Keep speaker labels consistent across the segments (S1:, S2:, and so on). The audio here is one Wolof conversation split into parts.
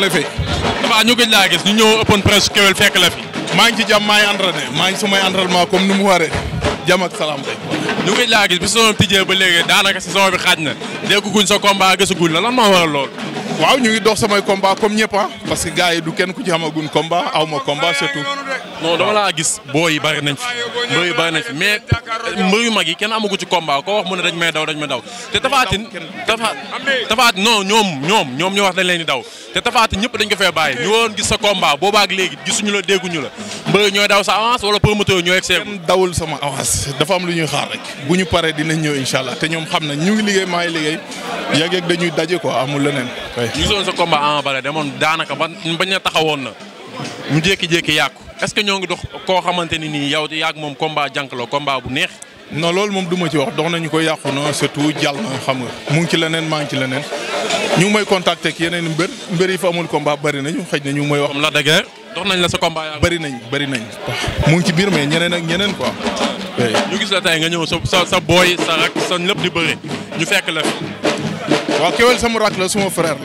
S1: maa ngi lay fay. Tapha ñu gëj laa gis ñu ñëw open press Kewel fekk la fi. maa ngi ci jàmm maa ngi entraîné maa ngi samay entraînement comme ni mu waree jàmm salaam rek. ñu ngi laa gis bi saison tijjee ba léegi daanaka saison bi xaaj na dégguñ sa combat gisaguñ la lan moo waral lool. waaw ñu ngi dox samay combat comme ñëpp ah parce que gars yi du kenn ku ci xamagun combat aw ma combat surtout. non dama laa gis boo yi bari nañ fi mbër yi bari nañ mais mbër yu mag
S2: yi kenn amagu ci combat koo mu ne dañ may daw dañ may daw te tafaatin tafa tafaatin non ñoom ñoom ñoom ñoo wax dañ leen daw te tafaatin ñëpp dañ ko fee bàyyi ñu woon gis sa combat boobaak léegi gisuñu la
S1: dégguñu la mbër ñooy daw sa avance wala promoteur ñooy egg kenn dawul sama avance dafa am lu ñuy xaar rek bu ñu paree dinañ ñëw incha allah te ñoom xam na ñu ngi liggéey maa ngi liggéey yàgg-yàgg dañuy daje quoi amul leneen ñu gisoon sa combat Ama Baldé demoon daanaka ba bañ a taxawoon na mu jékki-jékki
S2: yàqu est-ce que ñoo ngi dox koo xamante ni nii yow yàgg moom combat jànk la combat bu neex.
S1: non loolu moom du ma ci wax dox nañu ko yàqu na surtout jàll na xam nga mu ngi ci leneen maa ngi ci leneen ñu ngi may contacter ak yeneen mbër mbër yi fa amul combat bari nañu xëj na ñu ngi may wax. la dëgg dox nañ la sa combat yàqu. bari nañ bari nañ. mu ngi ci biir ma ñeneen ak ñeneen quoi. ñu gis la tey sa sa booy sa rak sa lépp di waaw Kewel sama rak la suma frère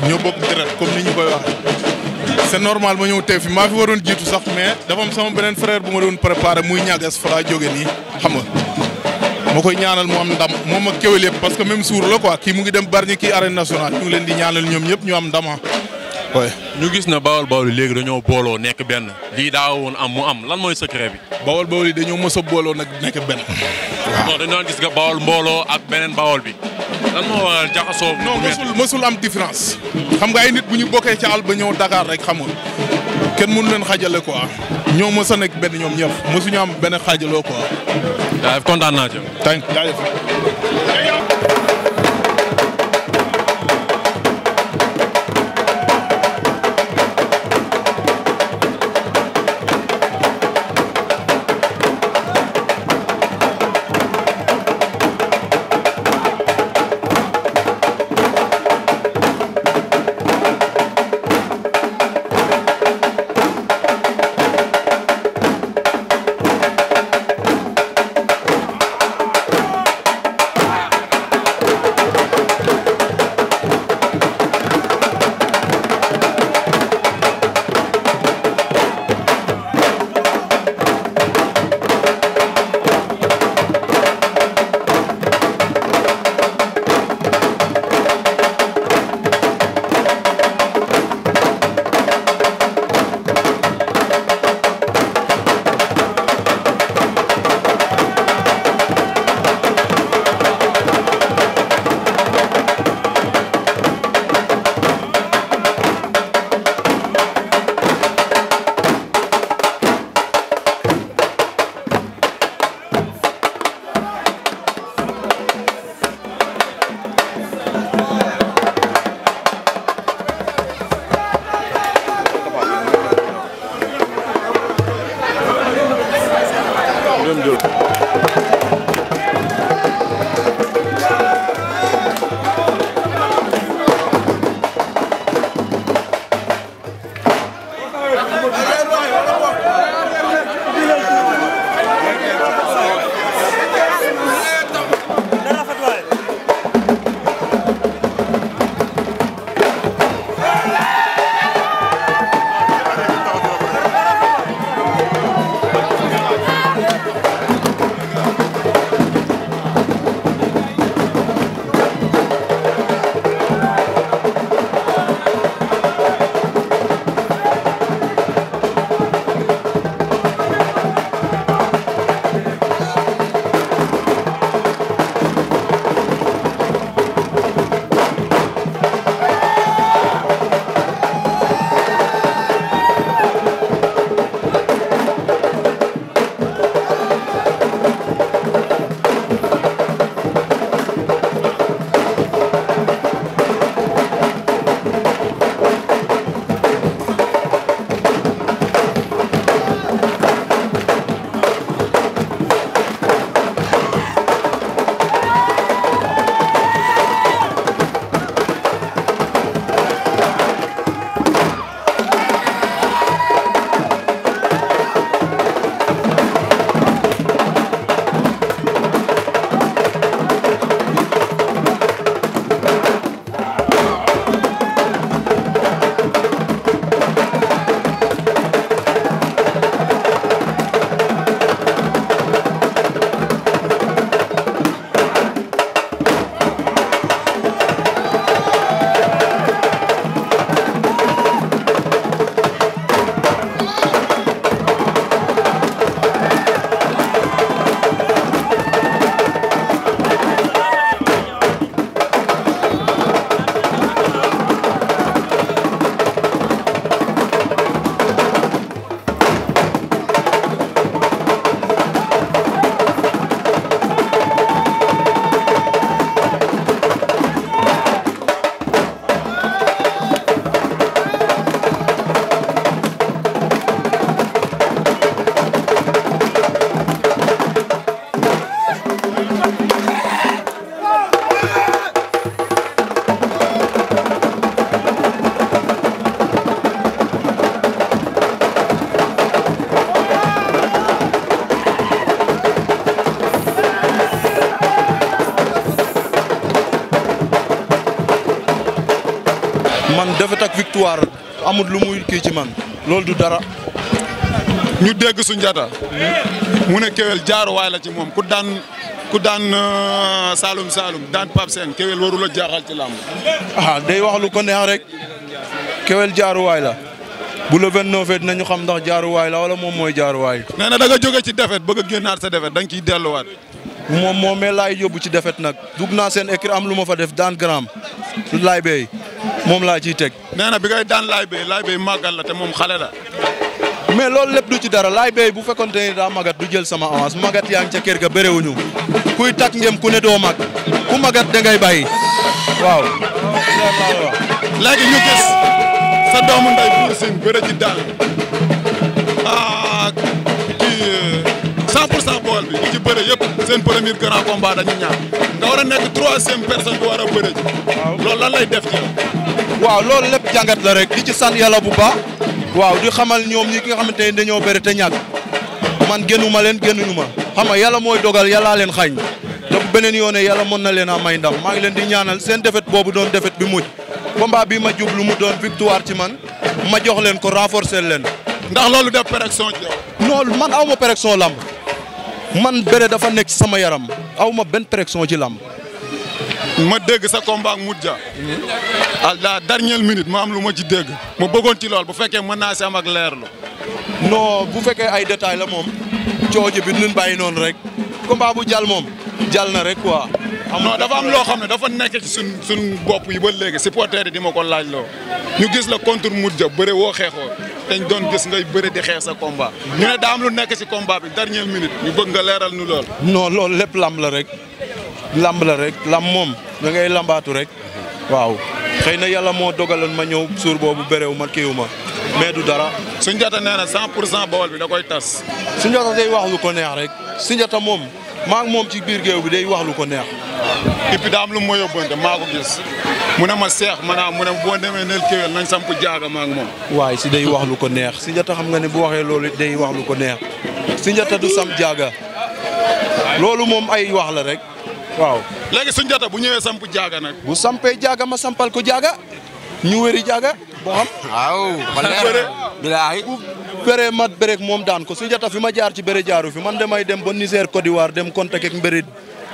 S1: la ñoo bokk deret comme ni ñu koy waxee c'est normal ma ñëw tey fi maa fi waroon jiitu sax mais dafa am sama beneen frère bu ma doon préparé muy ñaagas fara jóge nii xam nga ma koy ñaanal mu am ndam moom ak Kewel yëpp parce que même suur la quoi kii mu ngi dem bari Bargny kii arène nationale ñu ngi leen di ñaanal ñoom ñëpp ñu am ndama ah.
S2: oui ñu gis na bawol bawol yi léegi dañoo booloo nekk benn lii daa woon am mu am lan mooy secret bi. bawol bawol yi dañoo mës a booloo nag nekk benn. waaw non gis nga bawol mbooloo ak beneen bawol bi. lan moo waral jaxasoo non mësul
S1: mësul am différence. xam nga ay nit bu ñu bokkee ci àll ba ñëw Dakar rek xam kenn mënu leen xaajale quoi. ñoo mësa nekk benn ñoom ñëpp mësuñu am benn xaajaloo quoi.
S2: jaajëf kontaan naa
S1: ci. tànk jaajëf.
S2: dem jël ko
S3: man défaite ak victoire amul lu muy kii ci man loolu du dara.
S4: ñu dégg su njata hmm? mu ne Kewel jaaruwaay la ci moom ku daan. ku daan euh, Saalum Saalum daan Pape Sène Kewel warul a jaaxal ci làmb.
S3: ah day wax lu ko neex rek Kewel jaaruwaay la bu le 29 dinañu xam ndax jaaruwaay la wala moom mooy jaaruwaay. nee na da nga jóge ci defet bëgg a génnaat sa defet da nga ciy delluwaat. moom moom mais laay yóbbu ci defet nag dugg naa seen écrit am lu ma fa def daan gram laay bay moom laa ciy teg. nee na bi ngay daan laay bay laay la te moom xale la. mais loolu lépp du ci dara laay béy bu fekkonte ni daa magat du jël sama avance magat yaa ngi ca kër ga bërewuñu kuy takk ngem ku ne doo mag ku magat da ngay bàyyi waaw. léegi ñu gis sa doomu nday Bour Sine bëre
S4: ah, kii 100 euh, pour bi ñu ci bëre yëpp seen premier grand combat dañu ñaar nga war a nekk troisième personne bu war a bëre ji. waaw loolu lan lay def ci
S3: yow. waaw loolu lépp jàngat la rek di ci sant yàlla bu baax. waaw di xamal ñoom ñi nga xamante ne dañoo bëri te ñàkk man génnuma leen génnuñu ma xam nga yàlla mooy dogal yàllaa leen xañ te bu beneen yoone yàlla mën na leen a may ndam maa ngi leen di ñaanal seen defet boobu doon defet bi mujj combat bii ma lu mu doon victoire ci man ma jox leen ko renforcer leen. ndax loolu def pression ci loolu man aw ma pression lamb man bëre dafa nekk sama yaram aw ma benn pression ci lamb ma dégg sa combat ak Modja.
S4: à la dernière minute ma am lu ma ci dégg. ma bëggoon ci lool bu fekkee mën naa si am ak leer leerlu.
S3: non bu fekkee ay détails la moom. cooji bi nun bàyyi noonu rek. combat bu jàll moom. jàll na rek quoi. non dafa am loo xam ne dafa nekk ci suñ suñ bopp yi ba léegi si yi
S4: di ma ko laaj loo ñu gis la contre Modja bëre woo xeexoo dañ doon gis ngay bëre di xeex sa combat. ñu ne daa am lu nekk si combat bi dernière minute. ñu bëgg nga leeral nu lool. non loolu lépp lamb la
S3: rek. lamb la rek lamb moom da ngay lambaatu rek waaw xëy na yàlla moo dogaloon ma ñëw suur boobu béréw ma kiiwu ma mais du dara. suñ jota nee na 100 pour cent bool bi da koy tas. suñ jota day wax ko neex rek si jota moom maa moom ci biir
S4: géew bi day wax lu ko neex. et puis am lu ma yóbbante maa ko gis mu ne ma seex maanaam mu ne boo demee nel kéwél nañ samp jaaga maa moom.
S3: waaye si day wax lu ko neex si jota xam nga ne bu waxee loolu day wax lu ko neex suñ jota du samp jaaga loolu moom ay wax la rek. waaw léegi suñ jota bu ñëwee samp jaaga nag. bu sampee jaaga ma sampal ko jaaga ñu wëri jaaga boo xam. waaw ba leer bilaahi bu bëree mat bëreeg moom daan ko suñ jota fi ma jaar ci bëre jaaru fi man damay dem bo Niger Côte dem contact ak mbëri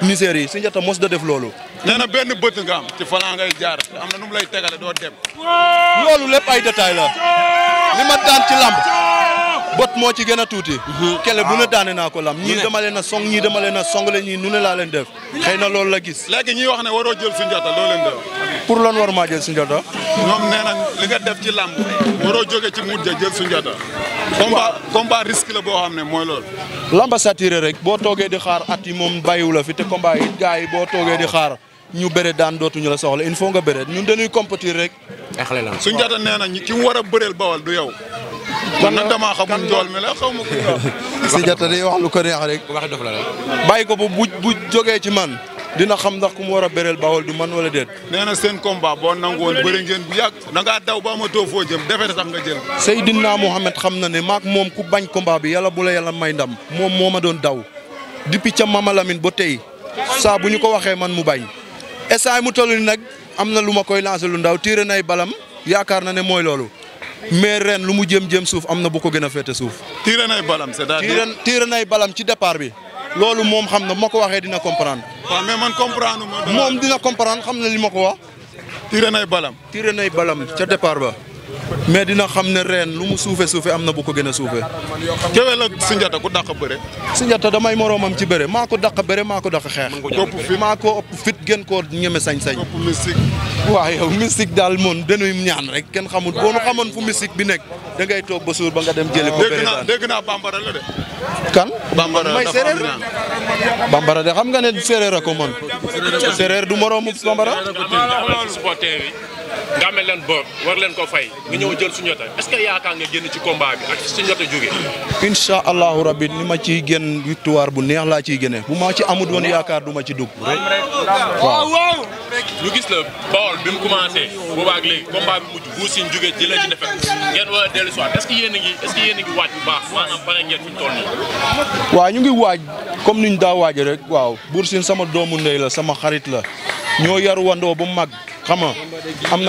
S3: Niger yi suñ jota mos da def loolu. nee na benn bët nga am
S4: ci falan ngay jaar am na nu mu lay tegale doo dem.
S3: loolu lépp ay détails la li ma daan ci lamb. bot moo ci gën a tuuti. Mhm. kele bu ne ah. daane naa ko lam ñii dama leen a song ñii dama leen a song la ñii nu ne laa leen def xëy na loolu la gis. léegi ñuy wax ne waroo jël su njata loo leen def. pour loon war maa jël su njata.
S4: ñoom nee nañ nga def ci làmb waroo jóge ci mujj jël su njata. combat combat risque la boo xam ne mooy lool
S3: lamba saturé rek boo toogee di xaar at yi moom bàyyiwu fi te combat yi gars boo toogee di xaar. ñu bëre daan dootuñu la soxla il faut nga bëre ñun dañuy compétir rek.
S2: xale la su nee
S3: na ki mu war a bëreel bawal du yow. man nag damaa xamul
S4: njool mi
S1: la xaw ma kuy wax.
S3: si jota day wax lu ko neex rek. wax dof la rek. bàyyi ko bu bu bu jógee ci man. dina xam ndax ku mu war a bëreel bawol du man wala déet. nee na seen combat boo nangu woon
S4: bëri ngeen bu yàgg. nangaa daw baa ma amatoo foo jëm defee sax nga jël.
S3: Seydina Mohamed xam na ne maak moom ku bañ combat bi yàlla bu la yàlla may ndam. moom moo ma doon daw depuis ca Mama Lamine ba tey saa bu ñu ko waxee man mu bañ. esaay mu toll ni nag am na lu ma koy lancer lu ndaw tiire nay balam yaakaar na ne mooy loolu. mais ren lu mu jëm-jëm suuf am na bu ko gën a féete suuf. tiire nay balam c'est-à-dire tiire nay balam ci départ bi loolu moom xam na ma ko waxee dina comprendre.
S4: mais man comprendre moom
S3: dina comprendre xam na li ma ko wax. tiire nay balam. tiire nay balam ca départ ba. mais dina xam ne reen lu mu suufe suufe am na bu ko gën a suufe Kewel ak Sunjata ku dàq bëre Sunjata damay moroomam ci bëre maa ko dàq bëre maa ko dàq xeex maa ko ëpp fit gën koo ñeme sañ-sañ waaw yow mystique daal moom dañuy ñaan rek kenn xamul boo nu xamoon fu mystique bi nekk da ngay toog ba suur ba nga dem jëli ko bëre daan dégg naa bambara la de kan may bambara de xam nga ne séeréer a ko mën séeréer du moroomu bambara
S2: nga amee leen bor war leen ko fay nga ñëw jël suñu yota est que yaakaar nga génn ci combat bi ak suñu yota jógee.
S3: incha allahu rabbi ni ma ciy génn victoire bu neex laa ciy génne bu ma ci amut woon yaakaar duma ci dugg. waaw
S2: waaw. ñu gis la Bawol bi mu commencé boobaag léegi combat bi mujj bu sin jógee ji la ci defee ngeen war a dellu si waat est yéen ngi waaj bu baax maanaam bare ngeen fi toll
S3: nii. waaw ñu ngi waaj comme ni daa waaj rek waaw Bour Sine sama doomu ndey la sama xarit la ñoo yaru wandoo ba mag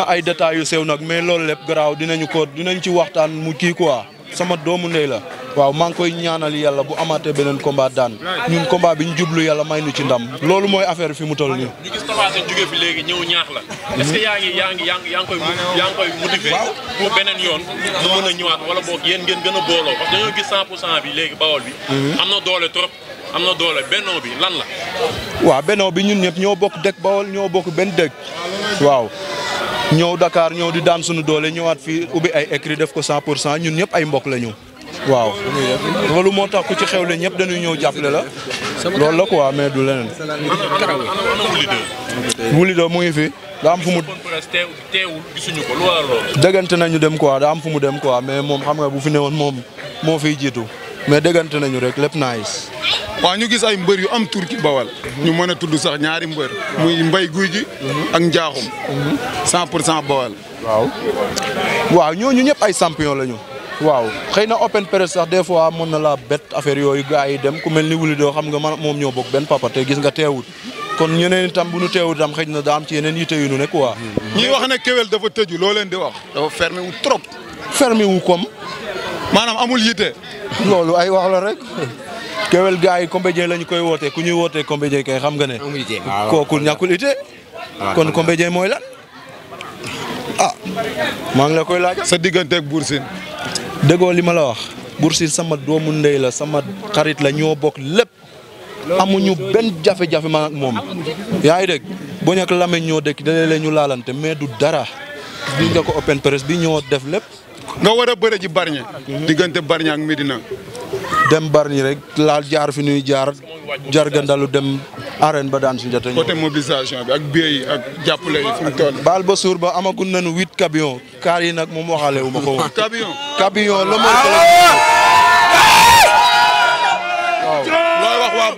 S3: ay détails yu sew nag mais loolu lépp garaaw dinañu ko dinañ ci waxtaan mu kii quoi sama doomu ndey la. waaw maa ngi koy ñaanal yàlla bu amaatee beneen combat daan ñun combat bi ñu jublu yàlla may nu ci ndam loolu mooy affaire fi mu toll nii. ñu
S2: gis Tapha Tine jóge fi léegi ñëw ñaax la. Hmm. est-ce que yaa ngi yaa ngi yaa ngi koy yaa ngi koy motiver pour beneen yoon mu mën a ñëwaat wala boog yéen ngeen gën a booloo parce que dañoo gis 100 pour cent bi léegi bawol bi. Hmm. am na doole trop. am na doole bennoo bi lan la.
S3: waaw bennoo bi ñun ñëpp ñoo bokk dëkk bawol ñoo bokk benn dëkk waaw. ñëw Dakar ñëw di daan suñu doole ñëwaat fii ubbi ay écrit def ko 100 pour cent ñun ñëpp ay mbokk la ñu. waaw loolu moo tax ku ci xew xewle ñëpp dañuy ñëw jàppale la lool la waa mais du leneen. Wuli Do mu ngi fi. daa am fu mu
S2: teewul gisuñu ko lu
S3: nañu dem quoi daa am fu mu dem ko waa mais moom xam nga bu fi woon moom moo fiy jiitu. mais déggante nañu rek lépp nice. waaw ñu gis ay mbër yu am tur ci bawal.
S4: ñu mën a tudd sax ñaari mbër. muy mbay guy gi. ak njaaxum. 100 pour cent bawal.
S2: waaw.
S3: ñoo ñooñu ñëpp ay champion lañu. waaw xëy na open press sax des fois mën na la bett affaire yooyu gars yi dem ku mel ni wuli doo xam nga man moom ñoo bokk benn papa te gis nga teewut. kon ñeneen itam bu ñu teewul itam xëj na daam ci yeneen yitte yu ñu ne quoi. ñuy wax ne Kewel dafa tëju loo leen di wax. dafa fermé wu trop. fermé wu maanaam amul yitte. loolu ay wax la rek. Kewel gars yi comédien lañ koy wootee ku ñuy wootee comédien kay xam nga ne. amul yitte kooku ñàkkul yitte. Ah, kon comédien mooy la ah maa ngi la koy laaj. sa digganteeg Bour Sine. déggoo li ma la wax. Bour Sine sama doomu ndey la sama xarit la ñoo bokk lépp. amuñu benn jafe-jafe man ak moom. yaa ngi dégg boñ ak Lamine ñoo dëkk dalee leen ñu laalante mais du dara. gis nga ko open press bi ñoo def lépp. nga war a bëre ji diggante Bargny ak Médina dem Bargny rek laal jaar fi ñuy jaar jargandalu dem arène ba daan si jotee. côté
S4: mobilisation bi ak biir yi ak jàppale
S3: baal ba suur ba amagun nañu huit camion kaar yi nag moom waxaale wu ma ko woon. Ah waa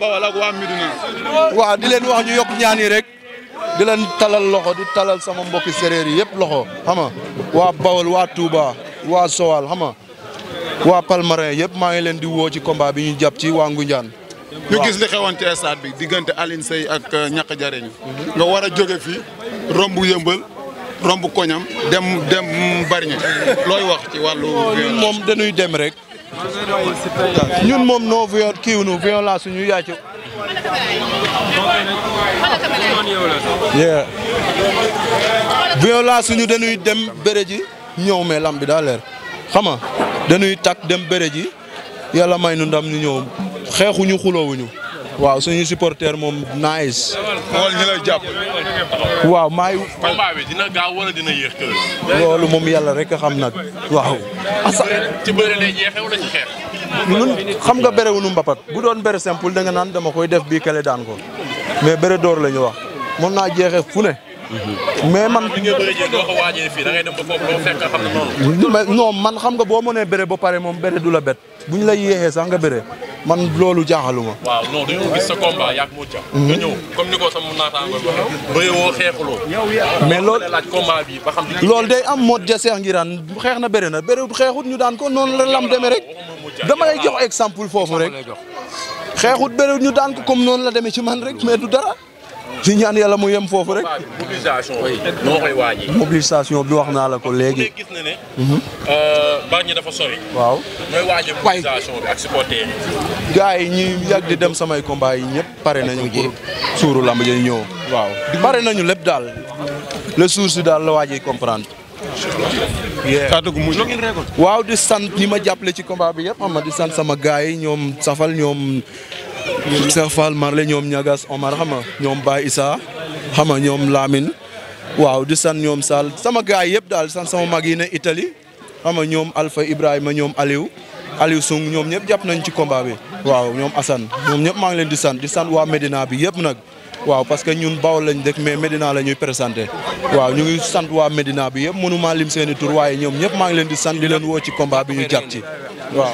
S3: Bawal di leen wax ñu yokk ñaan rek. di leen talal loxo di talal sama mbokki séeréer yi yëpp loxo xam waa Bawol waa Touba. waa Sowal xam nga waa Palmarin yëpp maa ngi leen di woo ci kombaa bi ñu jàpp ci waa Ngunjaan.
S4: ñu gis li xewan ci stade bi diggante Alioune Seye ak ñàkk euh, jariñu
S3: nga war a jóge fii romb yëmbal romb koñam
S4: dem dem bari ñi looy wax ci wàllu. ñun moom dañuy dem rek.
S3: ñun moom noo viol kiiw nu violence ñu yaacu. violence ñu dañuy dem bëre ñëw mais lam bi daa leer xam dañuy takk dem bëre ji yàlla may nu ndam ñu ñëw xeexuñu xuloowuñu waaw suñu supporter moom nice.
S2: xool ñu lay waaw maay. wala dina loolu moom
S3: yàlla rek a xam nag waaw.
S2: asa ci bëre lay jeexee wala ci xeex. ñun xam nga bëre
S3: wu ñu mbapat bu doon bëre simple da nga naan dama koy def bii kale daan ko mais bëre door la wax mën naa jeexee fu ne. mais man li nga
S2: fii da ngay dem ba foofu
S3: doo man xam nga boo mënee bëre ba pare moom bëre du la bet bu ñu lay yéexee sax nga bëre man loolu jaaxaluma.
S2: waaw non dañoo gis moo jaax. Mhm. nga ñëw comme ni ko sama naataango waxee bëre woo xeexuloo. mais loolu laaj combat
S3: day am mot de seex ngiraan xeex na bëre na bëre xeexut ñu daan ko noonu la lam demee rek dama lay jox exemple foofu rek. xeexut bëre ñu daan ko comme noonu la demee ci man rek mais du dara di ñaan yàlla mu yem foofu rek. mobilisation bi wax naa la ko léegi. ku gis mhm.
S2: euh, dafa sori. waaw mooy waajee mobilisation bi ak supporter yi.
S3: gars yi ñuy yàgg di dem samay combat yi ñëpp pare nañu pour suuru lamb ji ñëw. waaw pare nañu lépp daal le suur si daal la waajee comprendre. waaw di sant ñi ma jàppale ci combat bi yëpp xam di sant sama gars yi ñoom safal ñoom. Cheikh Fall Marley ñoom ñagas Omar xam nga ñoom Baye Issa xam nga ñoom Lamine waaw di san ñoom Sall sama gaay yëpp daal san sama mag yi ne itali xam nga ñoom Alpha Ibrahima ñoom Aliou Aliou Sung ñoom ñëpp jàpp nañ ci combat bi waaw ñoom Assane ñoom ñëpp maa ngi leen di sant di sant waa Medina bi yëpp nag waaw parce que ñun Bawol lañ dëkk mais Medina la ñuy présenté waaw ñu ngi sant waa Medina bi yëpp mënu maa lim seen tur waaye ñoom ñëpp maa ngi leen di sant di leen woo ci combat bi ñu jàpp ci waaw.